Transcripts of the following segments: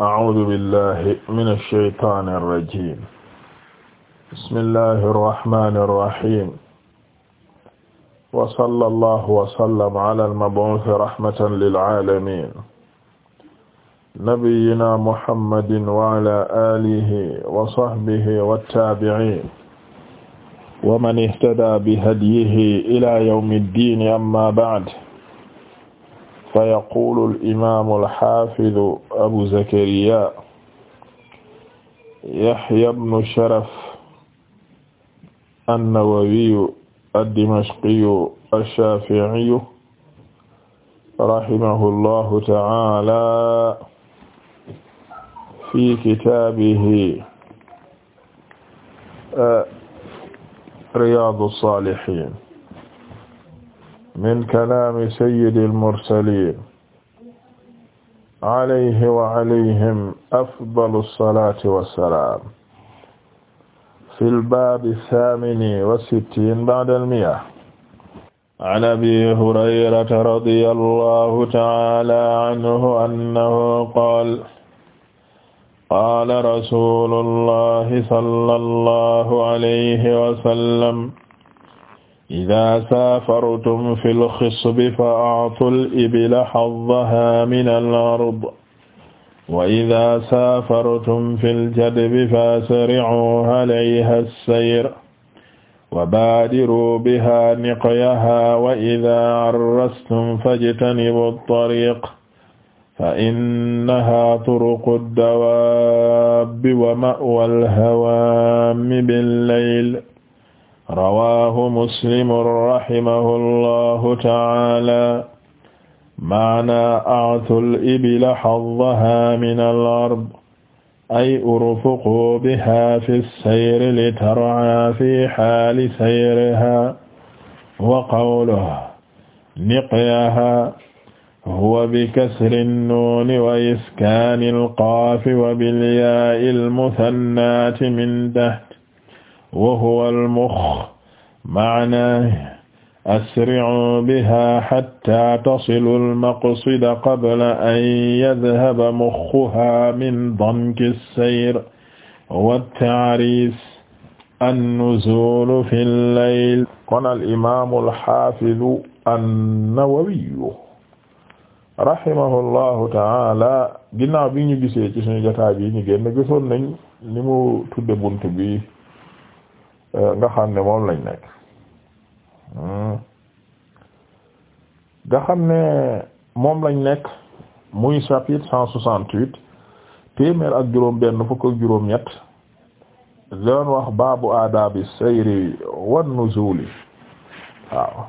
أعوذ بالله من الشيطان الرجيم بسم الله الرحمن الرحيم وصلى الله وسلم على المبعوث رحمة للعالمين نبينا محمد وعلى آله وصحبه والتابعين ومن اهتدى بهديه إلى يوم الدين أما بعد fa yaqulu al-imaamu al-haafidu abu zakariyaa yahya ibnu sharaf an-nawawiyu ad-dimashqiyu ash-shaafi'iyu rahimahullahu ta'aala fi kitaabihi eh, riyaadu s-saalihiin min kalaami sayyidil mursaliin alayhi wa alayhim afdalu salaati wa salaam fil baabi saamini wa sittiin ba'dal mi'a. an abii hurayrata radiyallaahu ta'aalaa anhu annahu qaala qaala rasuulullaahi sallallaahu alayhi wa sallam. ida safartum fi lxisbi fa aatu libila xaddaha min alard wa ida safartum fi ljadbi fasricuu alayha alsayr wa baadiruu biha niqyaha wa ida arrastum fajtanibu altariq fa innaha turuqu ddawaabi wa ma'wa alhawaami billayl rawaahu muslimun rahimahullahu ta'ala maana a'tul ibila haddaha min al-ard ay urfuqu biha fi sayri litar'a fi haali sayriha wa qawluhu niqyaha huwa bikasri nnuuni wa iskaani al-qaafi wa bil yaa'i al-muthannati min tahti wa huwa al-mukh ma'naahu asri'uu bihaa hattaa tasilu al-maqsida qabla an yadhhaba mukhuhaa min damki as-sayr wat-ta'riis an-nuzuul fi al-layl. kon al-imaam al-haafiz an-Nawawi rahimahullahu ta'aala ginnaaw bi ñu gisee ci suñu jotaay bi ñu génn gisoon nañ li mu tudde buntu bi. nga xam ne moom lañ nekk hmm. nga xam ne moom lañ nekk muy chapitre cent soixante-huit téeméer ak juróom benn fukk ak juróom ñett doon wax baabu aadaabi sayri wan nuzuli waaw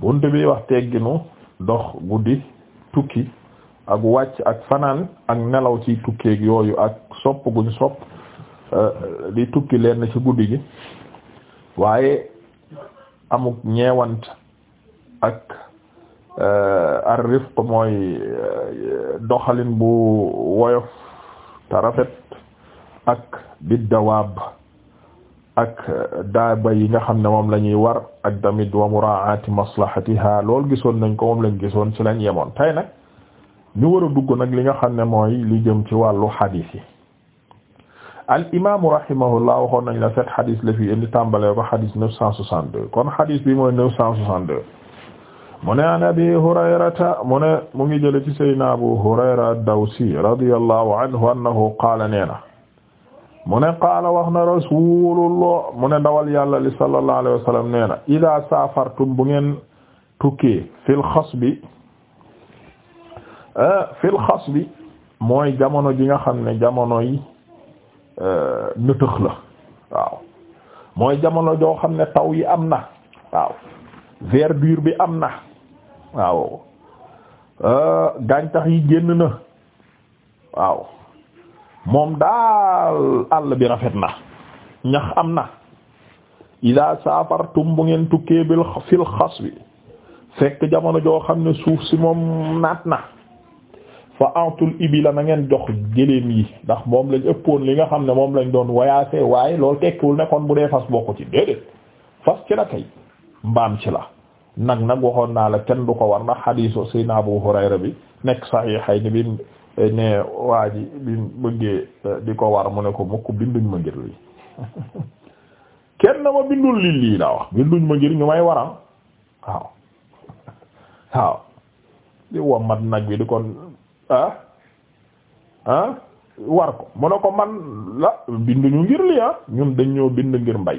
bunt bi wax tegginu dox guddi tukki ak wàcc ak fanaan ak nelaw ci tukkeeg yooyu ak sopp guñ sopp Euh, di tukki leen ci guddi gi waaye amuk ñeewant ak euh, ar rifq mooy euh, doxalin bu woyof te rafet ak biddawaab ak daaba yi nga xam ne moom lañuy ñuy war ak tamit wa muraati maslahatiha lool gisoon nañ ko moom lañ gisoon ci lañ yemoon tey nag ñu war a dugg nag li nga xam ne mooy li jëm ci wàllu xadiis yi al imaamu rahimahullah waxoon nañ la sept xadis la fi indi tàmbalee ko xadis neuf cent soixante deux kon xadis bi mooy neuf cent soixante deux mu ne an abi hurayrata mu ne mu ngi jële ci sayyidina abu hurayra ad-dawsi radiyallahu anhu annahu qaala nee na mu ne qaala wax na rasulullah mu ne dawal yàlla li sallallahu alayhi wa sallam nee na ida saafartum bu ngeen tukkee fil xasbi eh, fil xasbi mooy jamono ji nga xam ne jamono yi Euh, nëtëx la waaw mooy jamono joo xam ne taw yi am na waaw verdure bi am na waaw euh, gàncax yi génn na waaw moom daal àll bi rafet na ñax am na ida safartum bu ngeen tukkee bil fil xas bi fekk jamono joo xam ne suuf si moom naat na fa antul ibila na ngeen jox gëléem yi ndax moom lañ ëppoon li nga xam ne moom lañ doon wayaase waaye loolu tekkiwul ne kon bu dee fas bokk ci déedéet fas ci la kay mbaam ci la nag nag waxoon naa la kenn du ko war ndax xadiisu sayna Abu Hurayra bi nekk saxiixay ni bi ne waa ji bi bëggee eh, di ko war mu ne ko mukk binduñ ma ngir lii kenn ma bindul lii lii daa wax binduñ ma ngir ñu may waral waaw waaw di wommat nag bi di kon ah ah war ko mu ne ko man la binduñu ngir li ah, ñun dañ ñoo bind ngir mbay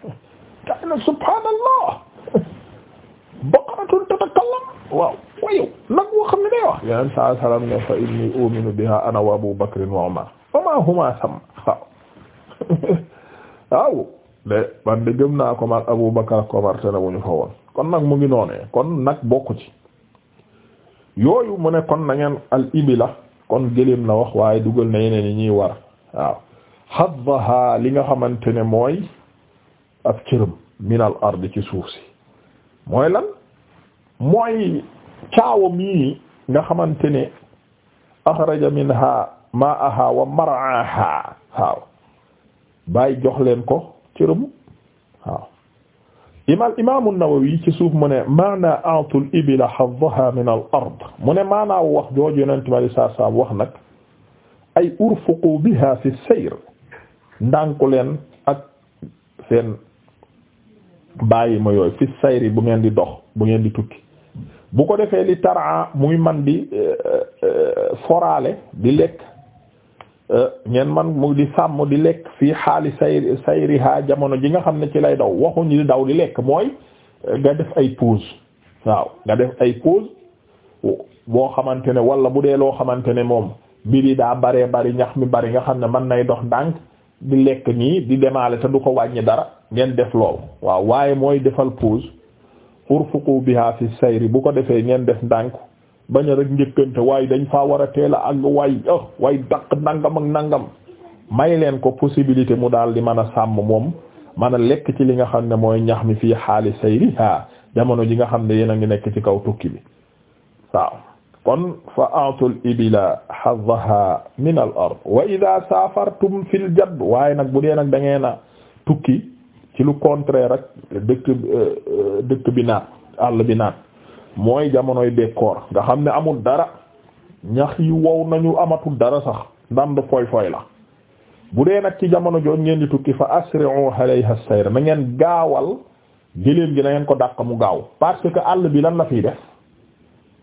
kay na subhaanallah waaw wayow nag woo xam ne day wax ne fa inni uminu biha ana wa abu bakrin wa umar wa ma huma sam waaw waaw de man de gëm naa ko maak abu bakar ko te kon nag mu ngi noonee kon nag bokku ci yooyu mu ne kon na ngeen al ibila kon gëléem la wax waaye dugal na yeneen yi ñuy war waaw haddaha li nga xamante ne mooy ab cërëm minal ard ci suuf si mooy lan mooy caawa mii nga xamante ne axraja minha ma'aha wa mar'aha waaw bàyyi jox leen ko cërëm waaw imaam imaamu Nawawi ci suuf mu ne maana a'tul ibila haddaha min al mu ne maanaa wax jooju yonent ma li saa wax nag ay urfuqu biha fi sayr ndànku leen ak seen bàyyi ma yooyu fi sayri bu ngeen di dox bu ngeen di tukki bu ko defee li taraa muy man di eh, eh, foraale di lekk ngeen euh, man mu di sàmm di lekk fii xaali sayri sayriha jamono ji nga xam ne ci lay daw waxuñu di daw di lekk mooy euh, nga def ay pouse waaw nga def ay pause boo xamante ne wala bu dee loo xamante ne moom yi daa baree bari ñax mi bari nga xam ne mën nay dox ndànk di lekk nii di demaale te du ko wàññi dara ngeen def lool waaw waaye mooy defal pause urfuqu biha fi sayri bu ko defee ngeen def ndànku bañ a rek njëkkante waaye dañ fa war a teel a àgg waay ah waay daq nangam ak nangam may leen ko possibilité mu daal di mën a sàmm moom mën a lekk ci li nga xam ne mooy ñax mi fii xaali sayri ha jamono ji nga xam ne yéen a ngi nekk ci kaw tukki bi waaw kon fa atul ibila hazzaha min al ard wa ida safartum fil waaye nag bu dee nag da a tukki ci lu contraire rek dëkk euh, euh, dëkk bi naat àll bi naat mooy jamonoy bekkoor nga xam ne amul dara ñax yi wow nañu amatul dara sax ndand foy foy la bu dee nag ci jamono joon ngeen di tukki fa asri'u alayha sayr na ngeen gaawal géléem gi na ngeen ko dàq mu gaaw parce que àll bi lan la fiy def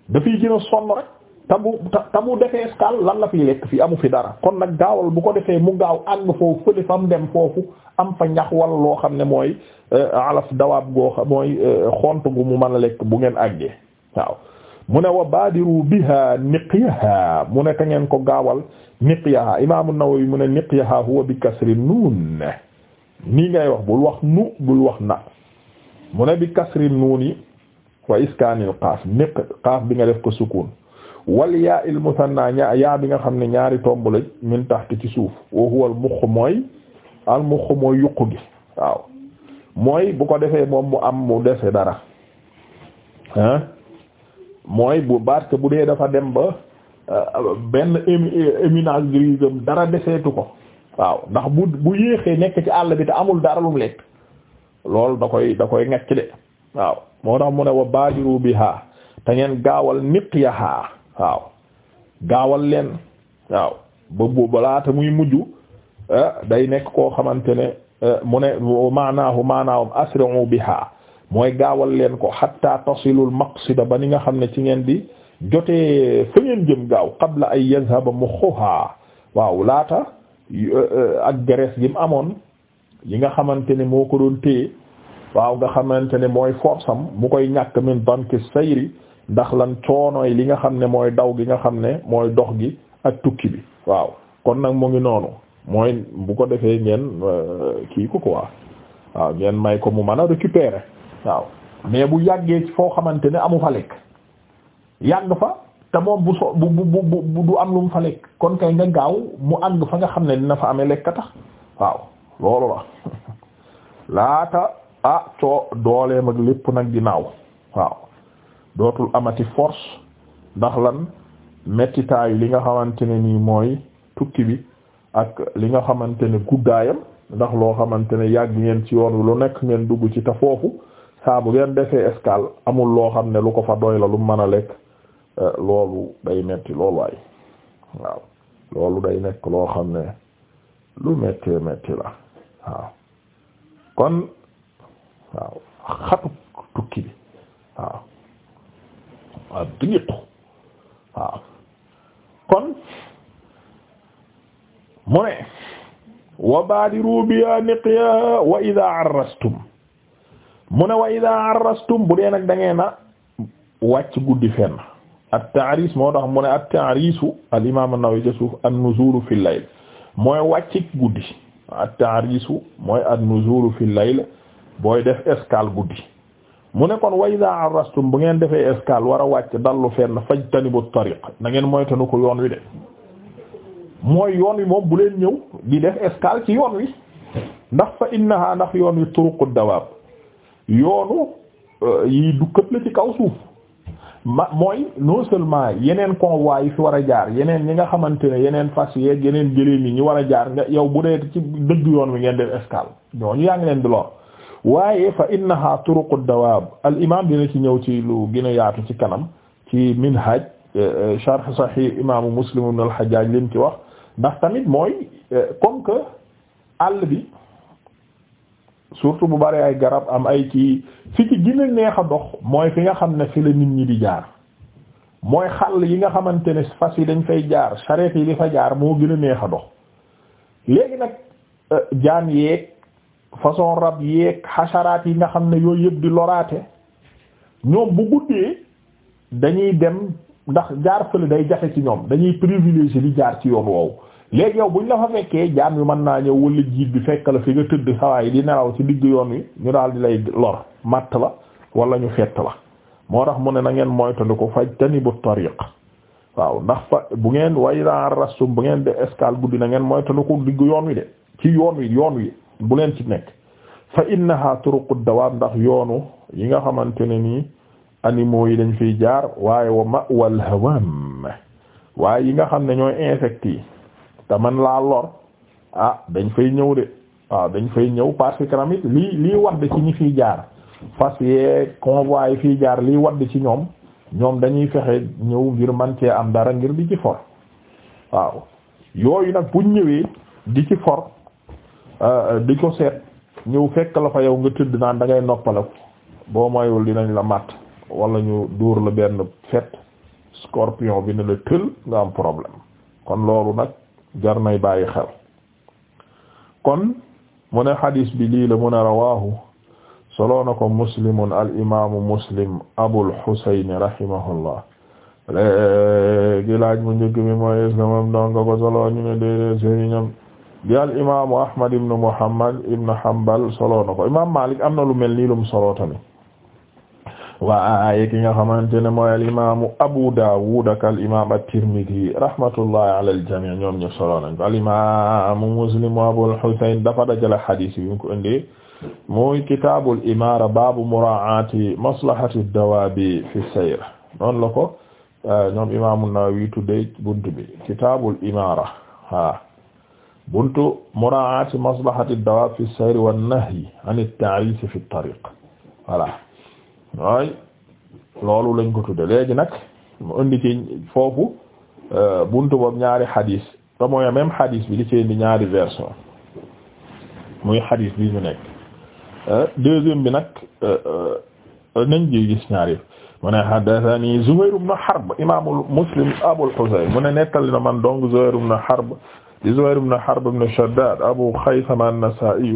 dafiy gën a sonn rek te bu defee escale lan la fi lekk fi amu fi dara kon nag gaawal bu ko defee mu gaaw àgg foofu fële fa mu dem foofu am fa ñax wala loo xam ne mooy euh, alaf dawaab goo xam mooy euh, xont gu mu mën a lekk bu ngeen àggee waaw mu ne wa baadiru biha niqyaha mu ne te ngeen ko gaawal niqyaha imaamu Nawawi mu ne niqyaha huwa bi kasri nuun nii ngay wax bul wax nu bul wax na mu ne bi kasri nuuni wa iskaanil qaaf niq qaaf bi nga def ko sukuun wal yaa il musanna yaa bi nga xam ne ñaari tomb la min taxti ci suuf wa huwa al mooy al muq mooy yuq gi waaw mooy bu ko defee moom mu am mu dese dara mooy bu baat bu dee dafa dem ba euh, benn éminence grise dara deseetu ko waaw ndax bu bu yéexee nekk ci àll bi te amul dara lu lekk loolu da koy da koy ngacc de waaw moo tax mu ne wa badiru biha te ngeen gaawal niqyaha waaw gaawal leen waaw ba bu balaata muy mujj eh, day nekk koo xamante ne eh, mu ne maanaahu maanaawum asri'u biha mooy gaawal leen ko hatta tasilul maqsida ba ni nga xam ne ci ngeen di jotee fa ngeen jëm gaaw qabla ay yazhaba muxuha waaw laata euh, euh, ak graisse gi mu amoon yi nga xamante ne moo ko doon téye waaw nga xamante ne mooy force am mu koy ñàkk min danki sayri ndax lan coonooy li nga xam ne mooy daw gi nga xam ne mooy dox gi ak tukki bi waaw kon nag mu ngi noonu mooy bu ko defee ngeen euh, kii ko quoi waaw ngeen may ko mu mën a récupérer waaw mais bu yàggee foo xamante ne amu fa lekk yàgg fa te moom bu so bu bu bu du am lu mu fa lekk kon kay nga gaaw mu àgg fa nga xam ne na fa amee lekk tax waaw loolu la laata ah coo dooleem ak lépp nag dinaaw waaw dootul amati force ndax lan mettitaayu li nga xamante ne nii mooy tukki bi ak li nga xamante ne guddaayam ndax loo xamante ne yàgg ngeen ci yoon wi lu nekk ngeen dugg ci te foofu saa bu ngeen defee escale amul loo xam ne lu ko fa doy la lu mën a lekk eh, loolu day metti loolu waay waaw loolu day nekk loo xam ne lu metti metti la waaw kon waaw xatu tukki bi waaw digitu waaw kon mu ne wa baadiru biya niqya wa idha arrastum mu ne wa idaa arrastum bu dee nag da na a wàcc guddi fenn at-ta'ris moo tax mu ne at-ta'risu al-imam an-Nawawi ca suuf an-nuzulu fil layl mooy wàcc guddi at-ta'risu mooy an-nuzulu fil layl booy def escale guddi mu ne kon wa idaa arrastum bu ngeen defee escale wara wàcc dallu fenn fajtanibu at-tariq na moytanu ko yoon wi de mooy yoon wi moom bu leen ñëw di def escale ci yoon wi ndax fa innaha ndax yoon wi turuqu dawaab yoonu euh, yi du këpp la ci kaw suuf ma mooy non seulement yeneen convois yi fi war a jaar yeneen ñi nga xamante ne yeneen fas yeeg yeneen gëléem yi ñu war a jaar nga yow bu dee ci dëgg yoon wi ngeen def escale ñooñu yaa ngi leen di lor waaye fa innaha turuqu dawaab al imam dina ci ñëw ci lu gën a yaatu ci kanam ci minhaj euh, euh, sharh sahih imaamu muslim ibn al hajjaj lim ci wax ndax tamit mooy comme que àll bi surtout bu bari ay garab am ay ci fi ci gën neex a dox mooy fi nga xam ne fi la nit ñi di jaar mooy xàll yi nga xamante ne fas yi dañ fay jaar sareet yi di fa jaar moo gën a neex a dox léegi nag euh, jaan yeeg façon rab yeeg xasaraat yi nga xam ne yooyu yëpp di loraate ñoom bu guddee dañuy dem ndax jaar fële day jafe ci ñoom dañuy privilégié di jaar ci yoon woowu léegi yow buñ la fa fekkee jaam yu mën naa ñëw wala jiit bi fekk la fi nga tëdd sawaay di nelaw ci digg yoon wi ñu daal di lay lor matt la wala ñu fett la moo tax mu ne na ngeen moytandi ko faj tani bu tariq waaw ndax fa bu ngeen way daan rastum bu ngeen de escale guddi na ngeen moytandi ko digg yoon wi de ci yoon wi yoon wi bu leen ci nekk fa innaha turuqud dawaam ndax yoonu yi nga xamante ne nii animaux yi dañ fiy jaar waaye wa ma hawam waaye yi xam ne ñooy insectes yi te man laa lor ah dañ fay ñëw de waaw dañ fay ñëw parce que tamit lii lii wadd ci fiy jaar fas yee convoi yi fiy jaar lii wadd ci ñoom ñoom dañuy fexe ñëw ngir man cee am dara ngir di ci for waaw yooyu nag buñ ñëwee di ci for euh, di ko seet ñëw fekk la fa yow nga tëdd naan da ngay noppaleku boo mayul dinañ la matt wala ñu dóor la benn fet scorpion bi ne la tël nga am problème kon loolu nag jar nay bàyyi xel kon mu ne xadis bi lii la mu ne rawaahu solo na ko muslimun al imaamu muslim abul husayn rahimahullah léegi laaj mu njëkk bi mooy est ce que ko solo ñu ne déedéet sëriñam di al imaamu ahmad ibn muhammad ibn hanbal solo na ko imaam malik am na lu mel nii lu mu solo tamit. waaye ki nga xamante ne mooy al imaamu Abu Dawud ak al imaam at-Tirmidhi rahmatullahi ala al jamii ñoom ñu solo nañ ko al imaamu Muslim bi ko indi mooy kitaabul imaara baabu muraa'aati maslahati ad fi sayr noonu la ko euh, ñoom imaamu Nawawi tudde buntu bi kitaabul imaara ha buntu muraa'aati maslahati ad fi sayr wan nahyi an at fi at waay loolu lañ ko tudde léegi nag mu indi ci foofu euh, buntu boobu ñaari xadis te mooy même xadis bi li ci ñaari version muy xadis bi ñu nekk euh, deuxième bi nag euh, nañ ji gis ñaari mu ne haddathani Zuhayr ibn Harb imaamu Muslim Abul Husayn mu ne nettali na man donc Zuhayr na Harb di na ibn Harb ibn Shaddad Abu Khaythama an-Nasa'i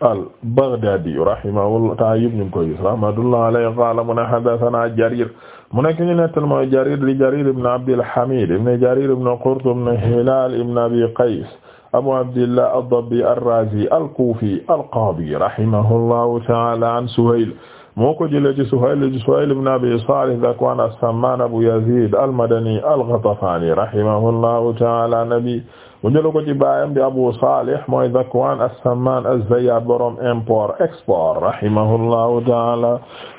al Baghdadi rahimahullah ta yëpp ñu ngi koy gis rahmatullah alayhi qaala mu ne haddathana Jarir mu nekk ñu nettal mooy Jarir di Jarir ibn Abdil Hamid ibn Jarir ibn Qurt ibn Hilal ibn Abi Qays Abu Abdillah ad-Dabbi ar-Razi al-Kufi al-Qadi rahimahullahu ta'ala an Suhayl moo ko jëlee ci Suhayl ji Suhayl ibn Abi Salih Zakwan as-Samman Abu Yazid al-Madani al-Ghatafani rahimahullahu ta'ala nabi mu jëla ko ci baayam di Abu Salih mooy Zakwan as-Samman az-Zayyat borom import export rahimahullahu ta'ala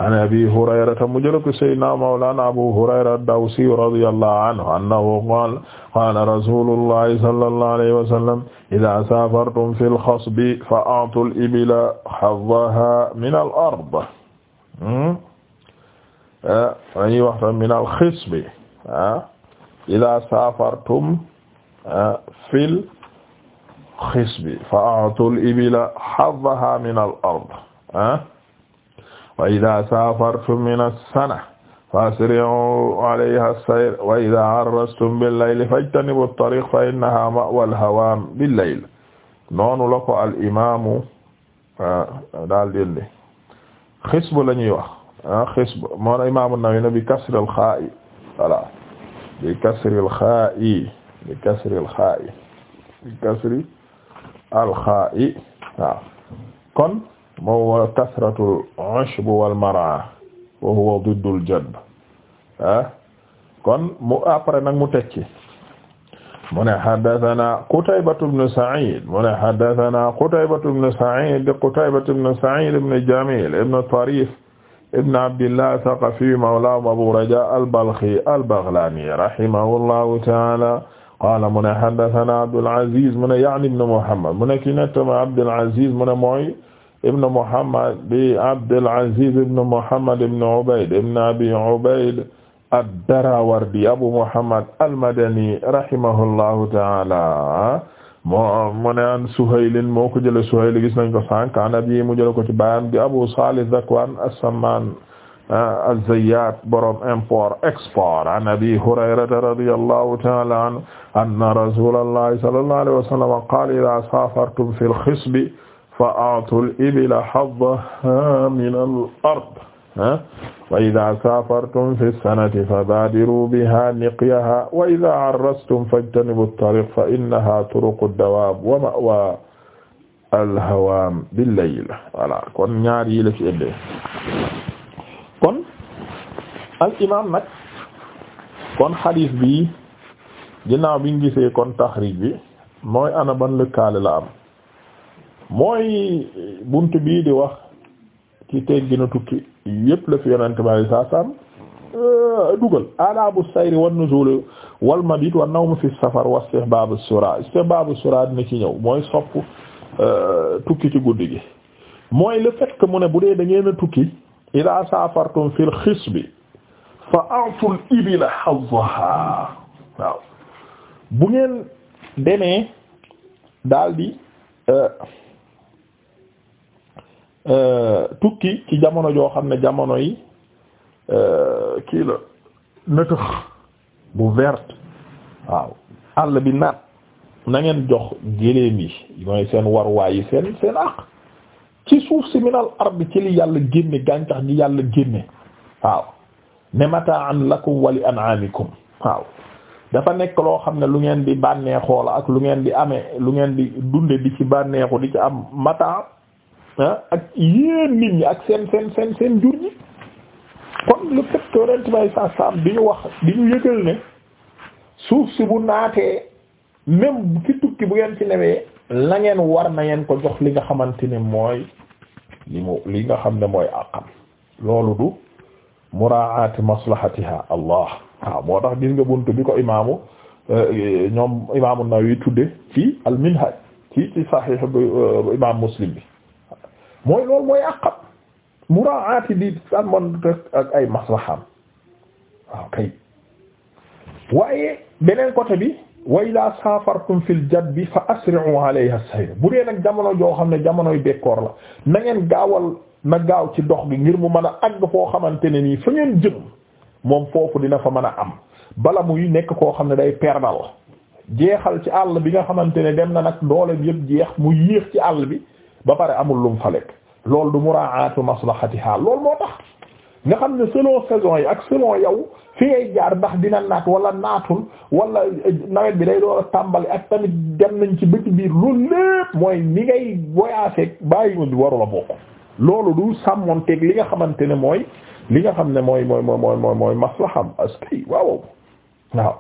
an Abi Hurayrata mu jëla ko sayyidina mawlana Abu Hurayra ad-Dawsi radiyallahu anhu annahu qala qala rasulullahi sallallahu alayhi wa sallam idha safartum fil khasbi fa'atu al-ibila haddaha min al-ard dañuy hmm? eh, waxtaan min al-khasbi ah? idha safartum fil xisbi fa a'tul ibila haddaha min al ard ah, wa idha safartum min as-sana fasri'u alayha as-sayr wa idha 'arrastum bil layli fajtanibu at-tariq fa innaha ma'wa al-hawam bil layl noonu la ko al imaamu ah, daal di indi xisb la ñuy wax ah, xisb moo imaamu Nawawi bi kasril xaa'i voilà bi kasril xaa'i bi kasri alxaa'i bi kasri alxaa'i waaw kon moom wa kasratul ushb wal mar'a wa huwa diddul jadb ah kon mu après nag mu tekki mu ne haddathana Qutaybatu ibn Sa'id mu ne haddathana Qutaybatu ibn Sa'id Qutaybatu ibn Sa'id ibn Jamil ibn Tarif ibn Abdillah Thaqafi mawlahum Abu Raja al-Balkhi al-Baghlani rahimahullahu ta'ala qaala mu ne haddathana Abdul Aziz mu ne yaani ibn Muhammad mu ne ki nettama Abdul Aziz mu ne mooy ibn Muhammad bi Abdul Aziz ibn Muhammad ibn Ubayd ibn Abi Ubayd ad-Darawardi Abu Muhammad al-Madani rahimahullahu ta'ala mu ne an Suhayl moo ko jëlee Suhayl gis nañ ko sànq an abi mu jëlee ko ci baayam di Abu Salih Zakwan as-Samman Ah, az-Zayyat borom import export an Abi Hurayrata radiyallahu ta'ala anhu anna rasulallahi sallallahu alayhi wa sallam qala idha safartum fil khisbi fa'atul ibila haddaha min al-ard ah? wa idha safartum fi sanati fabadiru biha niqyaha wa idha 'arrastum fajtanibu at-tariq fa innaha turuqu ad-dawab wa ma'wa al-hawam bil-layl voilà kon ñaar yi la ci ëndee al imaam nag kon xadiis bi ginnaaw bi ñu gisee kon taxriij bi mooy ana ban lëkkaale la am mooy bunt bii di wax ci tegginu tukki yépp la fi yonente bi alei saa salam euh, dugal aadaabu sayri wan nuzul wal mabit wan nawm fi safar wa istihbaabu sura istihbaabu sura dina ci ñëw mooy sopp euh, tukki ci guddi gi mooy le fait mu ne bu dee da ngeen a tukki ila safartum fil xis bi fa a'tul ibila hazzaha waaw bu ngeen demee daldi euh, euh, tukki ci jamono joo xam ne jamono yi euh, kii la nëtëx bu verte waaw àll bi naat na ngeen jox géléem yi mooy seen waruwaay yi seen seen àq ci suuf si minal ardi ci li yàlla génne gàncax gi yàlla génne waaw ne mataan lakum wali an'amikum waaw dafa nekk loo xam ne lu ngeen di bànneexoo ak lu ngeen di amee lu ngeen di dunde di ci bànneexu di ci am mataa ah, ak yéen nit ñi ak seen seen seen seen jur ñi kon le fait rent bay sa di ñu wax di ñu yëgal ne suuf si bu naatee même ci tukki bu ngeen ci newee la ngeen war na ngeen ko jox li nga xamante ne mooy li mu li nga xam ne mooy àqam loolu du muraati maslahatiha allah waaw moo tax gis nga buntu bi ko imaamu eh, ñoom imaamu Nawawi tudde ci al-Minhaj ci ci eh, imaam Muslim bi mooy loolu mooy àqam muraati di san mon ak ay maslahaam waaw waaye beneen côté bi wa ila safartum fil bi fa asri'u alayha sayr bu dee nag jamono joo xam ne jamonoy bekkoor la nangeen gaawal na gaaw ci dox gi ngir mu mën a àgg foo xamante ne nii fa ngeen jëm moom foofu dina fa mën a am bala muy nekk koo xam ne day perdal jeexal ci àll bi nga xamante ne dem na nag doole bi jeex mu yéex ci àll bi ba pare amul lum fa lekk loolu du mura'atu maslahatiha loolu moo tax nga xam ne selon saison yi ak selon yow fi ngay jaar ndax dina naat wala naatul wala eh, nawet bi day door a tàmbali ak tamit dem nañ ci bëti biir loolu lépp mooy ni ngay voyager bàyyi ma warula bokk loolu du sàmmonteeg li nga xamante ne mooy li nga xam ne mooy mooy mooy mooy mooy mooy maslaham askay waaw waaw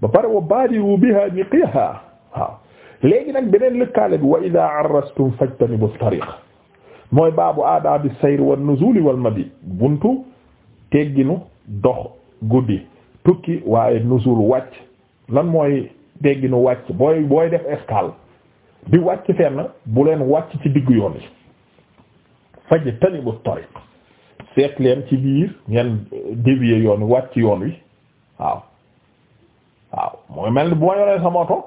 ba pare wa badiru biha niqiha waaw léegi nag beneen lëkkaale bi wa idha arrastum fajtanibu tariq mooy baabu bi aadaabi sayr wan nuzuli ma madi buntu tegginu dox guddi tukki waaye nuzul wàcc lan mooy tegginu wàcc booy booy def escale di wàcc fenn bu leen wàcc ci diggu yoon yi faj tanibu tariq seet leen ci biir ngeen dévier yoon wi wàcc yoon wi waaw waaw mooy mel ni bu ma yoree sama moto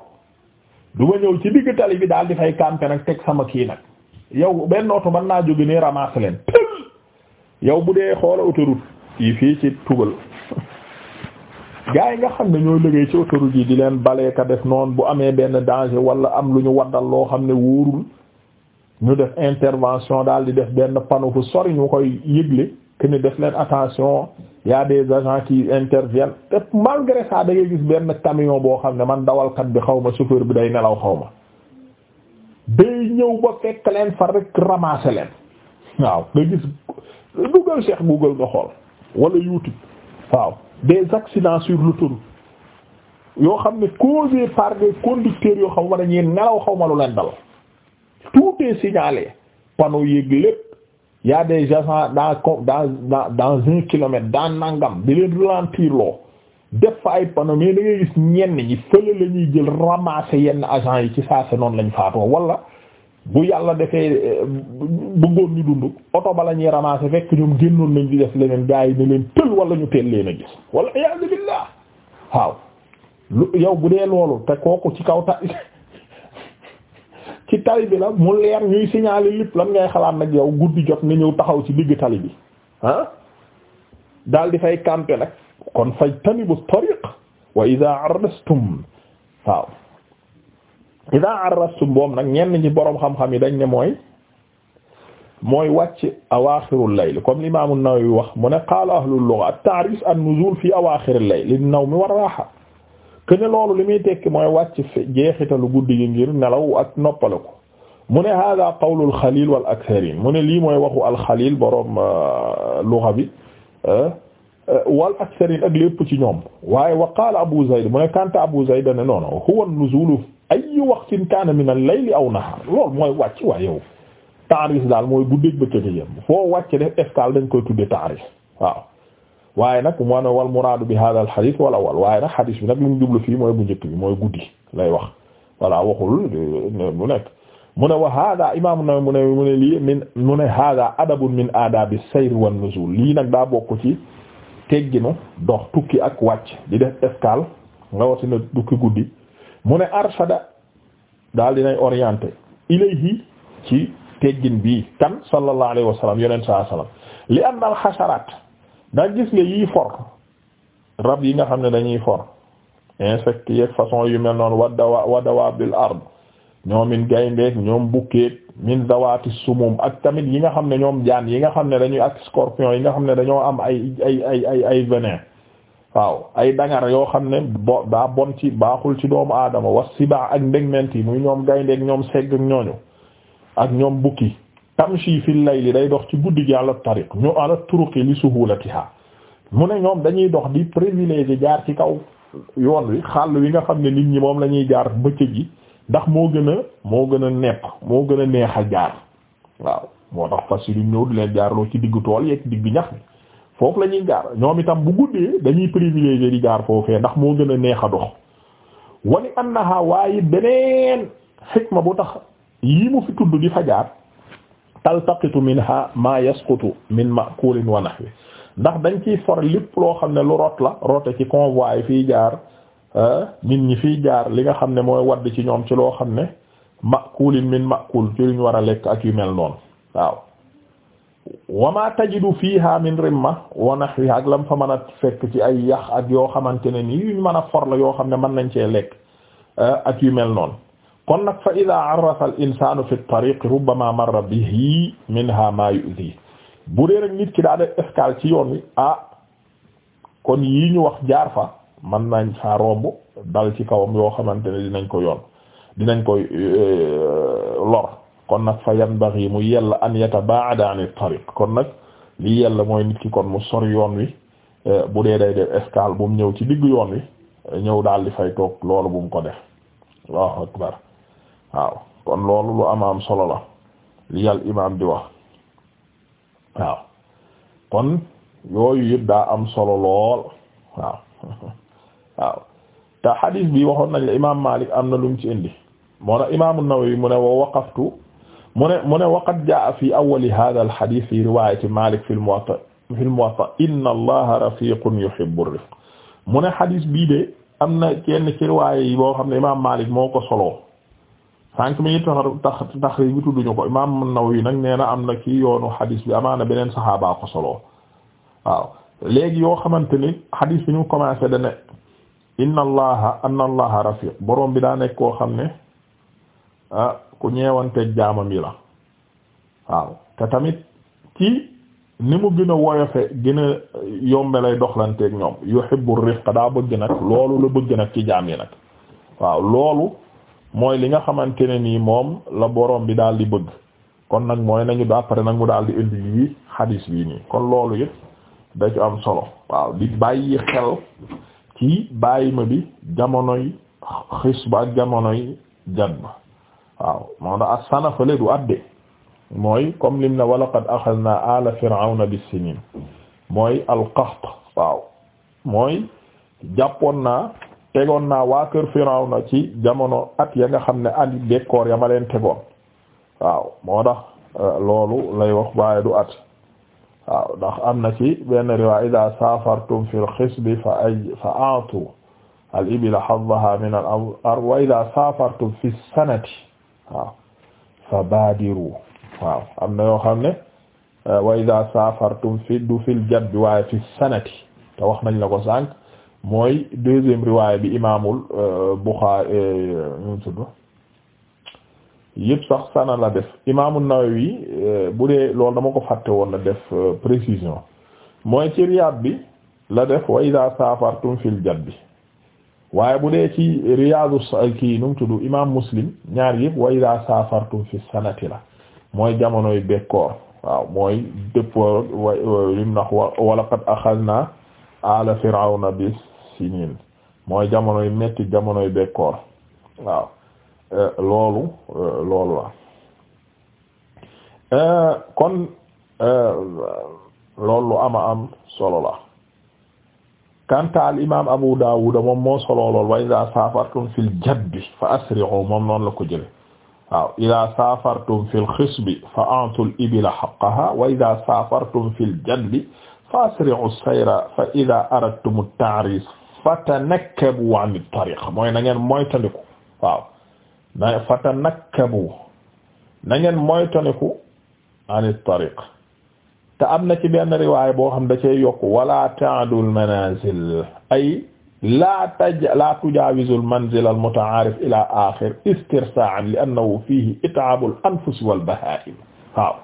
du ñëw ci digg tali bi daal di fay campé nag teg sama kii nag yow benn oto mën naa jóge nii ramasse leen yow bu dee xoola autoroute yi fii ci tugal gars yi nga xam ne ñoo liggéey ci autoroute yi di leen balee ka def noonu bu amee benn danger wala am lu ñu waddal loo xam ne wóorul ñu def intervention daal di def benn panneau fu sori ñu koy yëgle que ne def leen attention y a des agents qui interviennent te malgré ça da gis benn camion boo xam ne man dawalkat bi xaw ma chauffeur bi day nelaw xaw ma day ñëw ba fekk leen fa rek ramasser leen waaw nga gis Google Cheikh Google nga xool wala YouTube waaw des accidents sur l'autoroute yoo xam ne causés par des conducteurs yoo xam wala a ñuy nelaw xaw ma lu leen dal tout est signalé panneau yéeg lépp y a des agents dans dans dans un kilomètre dans nangam di leen ralentir loo def fa ay panneau mais da ngay gis ñenn ñi fële la jël ramasser yenn agent yi ci saase noonu lañ faatoo wala bu yàlla defee bëggoon ñu dund oto ba la ñuy ramasser fekk ñoom génnoon nañ di def leneen gars yi ne leen tël wala ñu teel leen a gis walla iyaazu billah waaw lu yow bu dee loolu te kooku ci kaw ta ci tali bi la mu leer ñuy signaler lépp lan ngay xalaat nag yow guddi jot nga ñëw taxaw ci digg tali bi ah daal di fay camper nag. kon fajtanibu tariq wa idaa arrastum waaw idaa arrastum boobu nag ñenn ñi boroom xam-xam yi dañ ne mooy mooy wàcc awaaxirul layl comme l'imam an-Nawawi wax mu ne qaala ahlul lugha at-ta'rif an-nuzul fi awaaxiril layl lin-nawm war-raaha ne loolu li muy tekki mooy wàcc jeexitalu guddi gi ngir nelaw ak noppale ko mu ne hada qawlul xalil wal aktharin mu ne lii mooy waxu alxalil boroom euh, lugha bi euh, Euh, wal aksarin ak lépp ci ñoom waaye wa qaala Abu Zayd mu ne kanta Abu Zayd ne noonu huwa nuzulu ay waqtin kaana min al-layli aw nahaar loolu mooy wàcc waa yow taarif daal mooy guddeeg bëccëg yem foo wàcc def escale dañ koy tudde taarif waaw waaye nag moo ne wal muraadu bi hada al hadith wala waaye nag hadith bi nag lu mu jublu fii mooy bu njëkk bi mooy guddi lay wax voilà waxul bu nekk mu ne wa hada imam na mu ne mu ne lii min mu ne hada adabun lii nag daa bokk ci tegginu dox tukki ak wàcc di def escale nga wati na tukki guddi mu ne arshada daal dinay orienté ilayhi ci teggin bii kan sallallahu alayhi wa sallam yonent sallallahu li an al xasaraat ndax gis nga for rab yi nga xam ne dañuy for insectes yeeg façon yu mel noon wa dawa wa dawabil ñoomin gayndeek ñoom bukkeek min dawaati sumum ak tamit yi nga xam ne ñoom jaan yi nga xam ne dañuy ak scorpion yi nga xam ne dañoo am ay ay ay ay ay venin waaw ay dangar yoo xam ne bo daa bon ci baaxul ci doomu aadama wax sibaa ak ndegment yi muy ñoom gayndeek ñoom segg ak ñooñu ak ñoom bukki tamshi fil layli day dox ci guddi gi ala tariq ñu ala turuqi li suhulatiha mu ne ñoom dañuy dox di privilégié jaar ci kaw yoon wi xàll wi nga xam ne nit ñi moom la ñuy jaar bëccëg yi ndax moo gën a moo gën a nepp moo gën a neex a jaar waaw moo tax fas yi ñëw di leen jaarloo ci diggu tool digg bi ñax mi foofu la jaar ñoom itam bu guddee dañuy privilégié di jaar foofee ndax moo gën a neex a dox wali annaha waaye beneen xikma bu tax yii mu fi tudd di fa jaar taltaqitu minha ma yasqutu min ma'kulin wa nahwi ndax dañ ciy for lépp loo xam ne lu rot la rote ci convoi yi jaar Ah, nit ñi fi jaar li nga xam ne mooy wadd ci ñoom ci loo xam ne makulin min makul ci luñ war a lekk ak yu mel noonu waaw wa ma tajidu fiha min rimma wa nahwiha ak lam fa man a fekk ci ay yax ak yoo xamante ne nii yuñ mën a for la yoo xam ne mën nañ cee lekk ah, ak yu mel noonu kon nag fa ida arrafa al insanu fi tariq rubbama marra bihi minha ma yu'dhi bu dee rek nit ki daa def ci yoon wi ah kon yii ñu wax jaar fa man nañ saa romb dal ci kawam yoo xamante ne dinañ ko yoon dinañ koy euh, lor kon nag fa yanbaghi mu yella an yataba'ada an at kon nag li yella mooy nit ki kon mu sori yoon wi euh, bu dee day def escale bu mu ñëw ci diggu yoon wi ñëw daal di fay toog loolu bum ko def waaw akbar waaw kon loolu lu am am solo la li yàlla di wax waaw kon yooyu yëpp daa am solo lool waaw waaw te hadith bi waxoon nañ la imaam Malik am na lu mu ci indi moo tax imaam an-Nawawi mu ne wa waqaftu mu ne mu ne waqad jaa fi awwali hadha al-hadith fi riwaayati Malik fi al-Muwatta fi al-Muwatta inna Allaha rafiqun yuhibbu ar mu ne hadith bii de am na kenn ci riwaaya xam ne imaam Malik moo ko soloo sànq mi tax tax bi tudduñu ko imaam an-Nawawi nag nee na am na ci yoonu hadith bi amaana beneen saxaabaa ko soloo waaw léegi xamante ni hadith bi ñu commencé inna allaha anna allaha rafiq boroom bi daa nekk koo xam ne ah ku ñeewanteeg jaamam yi la waaw te tamit ci ni mu gën a woyofe gën a yombe lay doxlanteeg ñoom yuhibbu rifqa daa bëgg nag loolu la bëgg nag ci jaam yi nag waaw loolu mooy li nga xamante ne nii moom la borom bi daal di bëgg kon nag mooy nañu daa pare nag mu daal di indi lii xadiis bii nii kon loolu it da am solo waaw di bàyyi xel ci bàyyi ma bi jamonoy xis ba ak jamonoy jat ba waaw moo tax as-sana fële du adde mooy comme lim na wa laqad axadna ala fir'auna bis-sinin mooy al-qaxt waaw mooy jàppoon naa tegoon naa waa kër Firawna ci jamono at ya nga xam ne at bekkoor ya ma leen tegoon waaw moo tax euh, loolu lay wax waaye du at waaw ndax am na ci benn riwa ida safartum fi lxisbi fa ay fa aatu al ibila haddaha min al ar wa ida fi sanati waaw fa baadiru waaw am na yoo xam ne wa ida safartum fi du fil jadbi waaye fi sanati te wax nañ la ko sànq mooy deuxième riwaay bi imaamul euh, Buxaari ñu euh, tudd yëpp sax sana la def imaamu Nawawi euh, bu dee loolu dama ko fàtte woon na def euh, précision mooy ci riyaad bi la def wa idaa saafartum fil jad bi waaye bu dee ci riyaadu kii nu mu tudd imaam Muslim ñaar yëpp wa idaa saafartum fi sanati la mooy jamonoy bekkoor waaw mooy dëppoo lim nax wa laqad axadnaa aala firawna bis siniin mooy jamonoy metti jamonoy bekkoor waaw Euh, loolu euh, loolu la euh, kon loolu lu ama am solo la kanta al imam Abu Dawud moom moo solo lool wa iza safartum fil jadbi fa asri'u moom noonu la ko jële waaw iza safartum fil xisbi fa a'tu al ibila haqqaha wa iza safartum fil jadbi fa asri'u sayra fa iza aradtum at-ta'ris fatanakkabu 'an at-tariq mooy na ngeen moytandiku waaw na fatanakkabu na ngeen moytoniku anit tariq te am na ci benn riwaay boo xam da cee yokk wala ta'dul manazil ay la taj la tujaawizul manzil al muta'aarif ila axir istirsaa'an li annahu fiihi it'aabul anfus wal bahaa'im waaw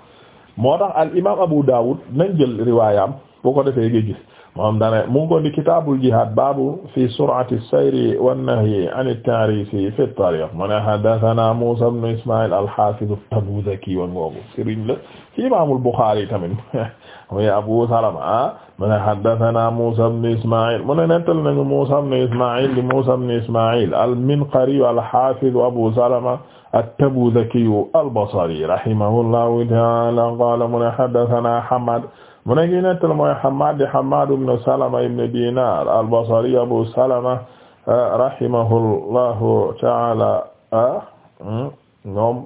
moo tax al imaam Abu Dawud nañ jël riwaayam boo ko defee nga gis moom dane mu ngi ko di kitaabul jihaad baabu fi sur'ati sayri wannahyi an at-ta'risi fi at-tariq mu ne haddathana Muusaa ibn Ismaa'il al-Haafiz at-Tabuudhaki wa ngoogu sëriñ la ci Imaamul Buxaari tamit muy Abu Salama ah mu ne haddathana Muusaa ibn Ismaa'il mu ne nettal nañu Muusaa ibn Ismaa'il di Muusaa ibn Ismaa'il al-Minqari al-Haafiz Abu Salama at-Tabuudhaki al-Basri rahimahullahu ta'aala qaala mu ne haddathana Hammaad mu ne ngi nettal mooy Hammaad di Hammaad ibn Salama ibn Dinar al-Basri Abu Salama eh, rahimahullahu ta'ala eh, hmm, ñoom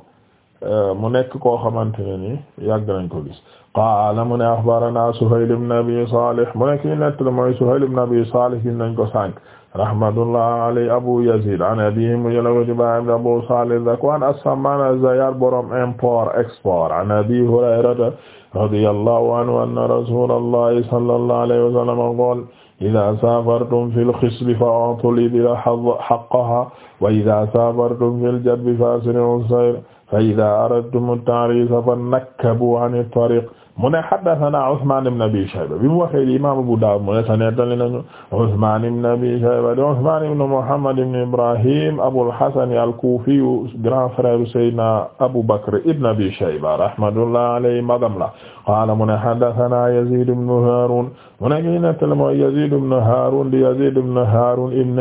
eh, mu nekk koo xamante ne ni yàgg nañ ko gis qaala mu ne axbarana Suhayl ibn Abi Salih mu ne ki nettal mooy Suhayl ibn Abi Salih gis nañ ko sànq rahmatullah alayhi Abu Yazid an abihi mu jëla ko ci baayam Abu Salih Zakwan as-Samman az-Zayyar borom import export an Abi Hurayrata radiyallahu anhu anna rasulallahi sallallahu alayhi wa sallam qaala idaa saafartum fil xisbi fa a'tul ibila haqqahaa wa idaa saafartum fil jadbi fa asri'u sayr fa idaa aradtum at-ta'riisa fannakabuu ani at-tariiq mu ne haddathana Usman ibn Abi Shayba bi mu waxee li imam Abu Dawud mu ne sa nettali nañu Usman ibn Abi Shayba di Usman ibn Muhammad ibn Ibrahim Abul Hasan al-Kufi grand frère Seydina Abu Bakr ibn Abi Shayba rahmatullah alayhi magam la qaala mu ne haddathana Yazid ibn Harun mu ne ngi nettali mooy Yazid ibn Harun di Yazid ibn Harun ibn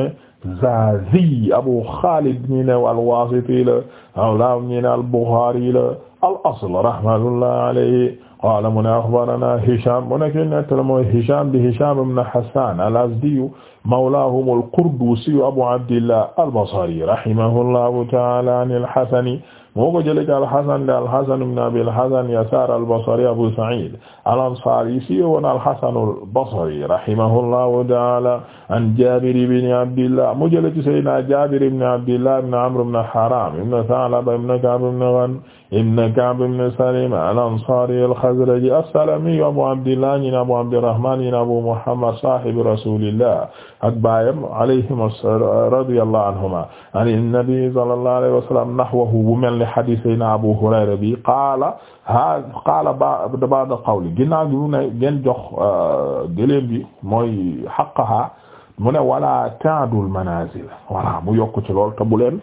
Zazi Abu Khalid ñi ne al-Wasiti la awla ñi ne al-Bukhari la al-asl rahmatullah alayhi qaala mu ne axbarana Hicham mu nekk nettale mooy Hicham di Hicham ibn Hassan al-Azdiyu mawlaahum al-Qurdusiyu Abu Abdillah al-Basri rahimahullahu ta'ala an al-Hasani moo ko jëlee ci al-Hasan di al-Hasan ibn Abi al-Hasan Yasaar al-Basri Abu Sa'id al-Ansari si woon al-Hasan al-Basri rahimahullahu ta'ala an Jaabir ibn Abdillah mu jëlee ci Sayyidina Jaabir ibn Abdillah ibn Amr ibn Haram ibn Tha'laba ibn Ka'b ibn Ghanm ibn Ka'b ibn Salima al-Ansari al-Khazraji as-Salami Abu Abdillah ñi Abu Abdirrahman ñi Abu Muhammad sahibu rasulillah ak baayam alayhim radiyallahu anhuma an an-nabi sallallahu alayhi wa sallam nahwahu bu mel ni hadis sayna Abu Hurayra bi qaala ha qaala ba'da qawli ginnaaw gi mu ne ngeen jox euh, gëléem bi mooy haqqaha mu ne wala ta'dul manazil voilà mu yokk ci lool te bu leen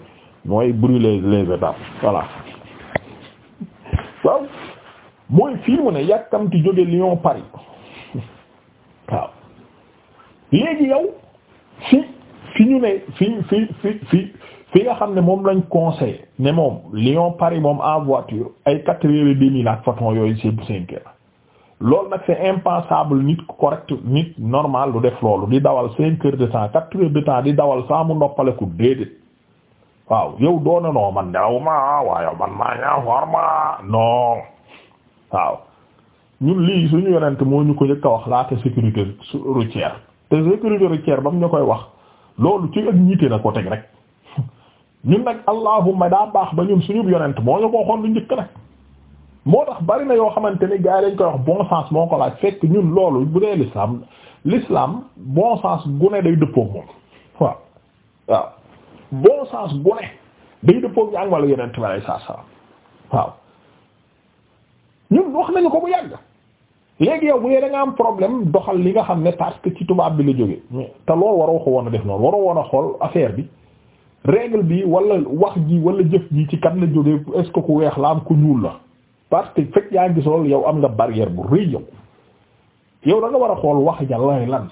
mooy brûler les étapes voilà mooy fii ne yàkkamti jóge Lyon Paris waaw léegi yow fi fi ñu ne fi fi fi fi nga xam ne moom lañ conseillé ne moom Lyon Paris moom en voiture ay quatre heures et demie laak façon yooyu c'est cinq heures loolu nag c'est impensable nit correct nit normal lu def loolu di dawal cinq heures de temps di dawal saa mu noppaleku déedéet waaw yow doona noo man daw ma waaye man maa ñaa forma non waaw ñun lii suñu yonent moo ñu ko njëkk a wax laata sécurité routière te sécurité routière ba mu ñu koy wax loolu ci ak ñiite la ko teg rek ñun nag allahumma daa baax ba ñun suñu yonent moo ñu ko waxoon lu njëkk nag moo tax bari na yoo xamante ni gaa yi dañ koy wax bon sens moo ko laaj fekk ñun loolu bu dee l'islam l'islam bon sens gune day dëppoo moom waaw waaw bon sens gune day dëppoo ak ñu àngal yonent bi sallallahu alayhi wasallam waaw. ñun wax nañu ko bu yàgg léegi yow bu dee da am problème doxal li nga xam ne parce que ci tubaab bi la jógee te loolu waroo ko woon a def noonu waroo woon a xool affaire bi règle bi wala wax ji wala jëf ji ci kan la jógee est ku weex la am ku ñuul la parce que fekk yaa gis loolu yow am nga barrière bu rëy yow yow da nga war a xool wax jàllale lan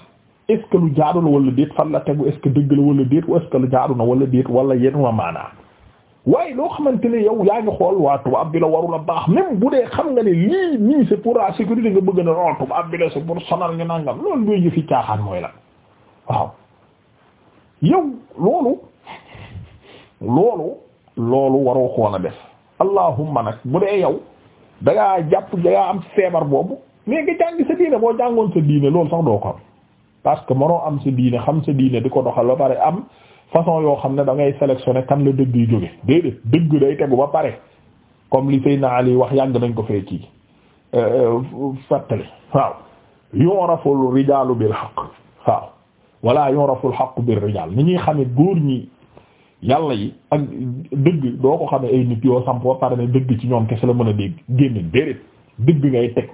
est-ce que lu jaadu la wala déet fan la tegu est-ce que dëgg la wala déet ou est-ce wala déet wala yéen maanaa waaye loo xamante ne yow yaa ngi xool waa tubaab bi la warul a baax même bu dee xam nga ne lii nii c'est pour la sécurité nga bëgg na non tubaab bi la c'est pour sonal ñu nangam loolu mooy mooy la waaw yow loolu loolu loolu waroo xool a def allahumma nag bu dee yow da jàpp da ngaa am feebar boobu mais nga jàngi sa diine boo jàngoon sa diine loolu sax doo ko am parce que am sa diine xam sa diine di ko doxal la pare am façon yoo xam ne dangay ngay sélectionner kan la dëgg yu jóge déedéet dëgg day tegu ba pare comme li naa li wax yàgg nañ ko fee kii euh, euh, fàttali waaw yu'raful rijaalu bil haqq waaw wala yu'raful haqqu bir rijaal ni ñuy xamee góor ñi yàlla yi ak dëgg doo ko xamee ay nit yoo samp ba pare ne dëgg ci ñoom kese la mën a dégg génn déedéet dëgg ngay teg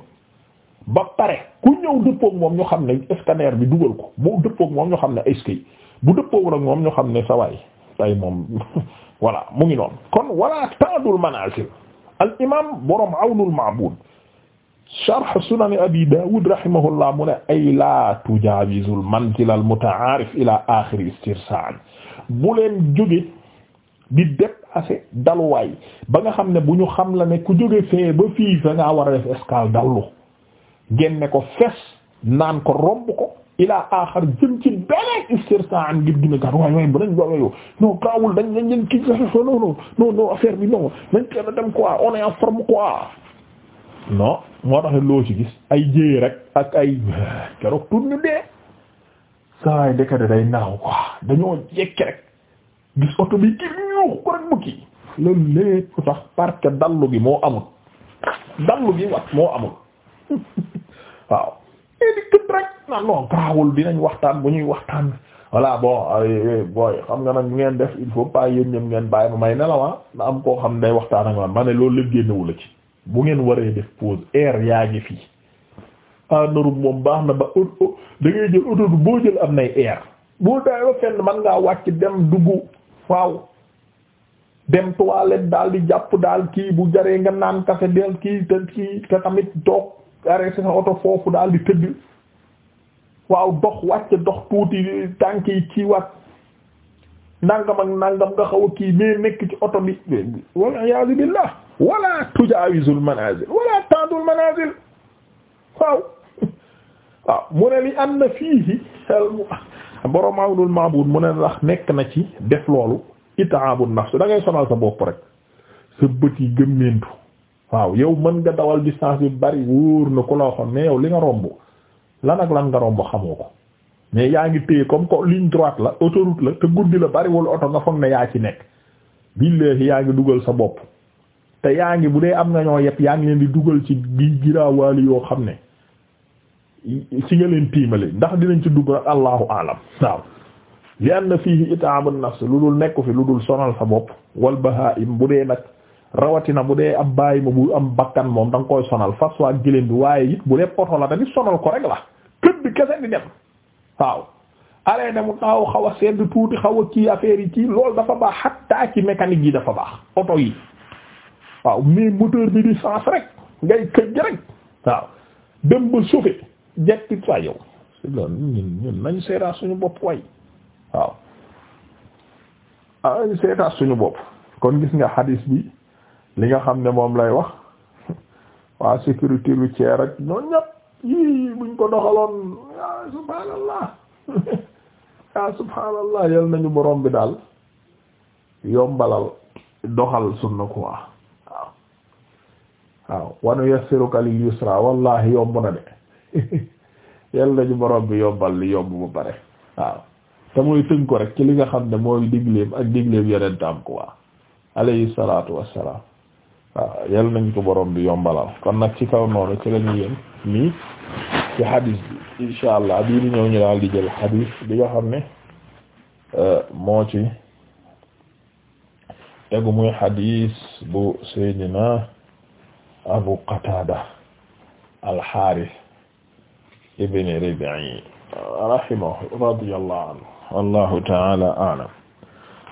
ba pare ku ñëw dëppook moom ñu xam ne scanner bi dugal ko moo dëppook moom ñu xam ne est-ce bu dëppoowul ak moom ñu xam ne sa waay tay moom voilà mu ngi noonu kon wala ta'dul manazil al imam borom awnul ma'bud sharh sunan abi dawud rahimahullah mu ne ay la tujawizul manzil al ila akhir istirsan bu leen jóge di dépasser daluwaay ba nga xam ne bu ñu xam la ne ku jóge fee ba fa ngaa war def escale dallu génne ko fes naan ko romb ko ilaa aaxar jëm ci beneen istirsa ngir gën a waay waay bu nañ waay waay non gaawul dañ dañ leen bi non nañ teel a dem quoi on est en forme quoi. non moo ay jéey rek ak ay keroog tur dañoo jekki rek gis oto bi kii ñëw ko rek mu kii loolu sax parce dallu gi moo amul dallu gi wat moo amul waaw. ngay di këpp rek naan dinañ waxtaan bu ñuy waxtaan voilà bon booy xam nga nag ñu ngeen def il faut pas yéen ñëm ngeen bàyyi ma may nelawa ah. na am koo xam ne waxtaan ak man ma ne loolu lépp ci bu ngeen waree yaa ngi fii anarum ah, moom baax na ba am nay boo daay ba fenn man ngaa wàcc dem dugg waaw dem toilette daal di jàpp daal kii bu jaree nga naan café del kii te kii te tamit toog arrêté sa oto foofu daal di tëdd waaw dox wàcc dox tuuti tànk yi ci wat nangam ak nangam nga xaw kii mais nekk ci oto bi walla iyaazu billah wala tujaawizul manazil waaw mu ne li am na fiihi borom awnul mabud mu ne ndax nekk na ci def loolu itaabun nafs da ngay sonal sa bopp rek sa bët yi gëmmeentu waaw yow mën nga dawal distance bi bari wóor na ku la waxoon mais yow li nga romb lan ak lan nga romb xamoo ko mais yaa ngi téye comme ko ligne droite la autoroute la te guddi la bariwul oto nga foog na yaa ci nekk billahi yaa ngi dugal sa bopp te yaa ngi bu dee am nga ñoo yëpp yaa ngi leen di dugal ci gi giraawaali yoo xam ne si nga leen tiimale ndax dinañ ci dugg nag allahu alam waaw li anna fiihi it'aabun nafs lu dul nekku fi lu dul sonal sa bopp wal bahaa'im bu dee nag rawatina bu dee am bàyyi ma bu am bakkan moom da nga koy sonal fas waa gëléem bi waaye it bu dee poto la tamit sonal ko rek la kët bi kese di dem waaw alee ne mu taaw xaw a sedd tuuti xaw a kii affaire yi kii loolu dafa baax xattaa ci mécanique yi dafa baax oto yi waaw mais moteur bi di sens rek ngay këj rek waaw dem ba suufe jekki sa yow si loolu ñun ñun nañ seetaat suñu bopp way waaw ah, añ seetaat suñu bopp kon gis nga hadis bi li nga xam ne moom lay wax waa sécurité routière ak ñoom ñëpp yii buñ ko doxaloon ya subhaanallah ya subhaanallah yal nañu borom bi daal yombalal doxal sunna quoi waaw waaw wanu yassiruka lil yusra wallahi yomb na de nañu borom bi yombal li yomb bu bare waaw te muy tënk ko rek ci li nga xam ne mooy digleem ak digleem yonentam quoi alayhi salaatu wassalaam waaw yal nañ ko borom bi yombalal kon nag ci kaw noonu ci la ñu yem nii ci hadis bi insha allah bii di ñëw ñu daal di jël hadis bi nga xam ne euh, moo ci tegu muy hadis bu Seydina Abu Qatada al-Harith ibn Rabi'i rahimahu radiyallahu anhu ta'ala a'lam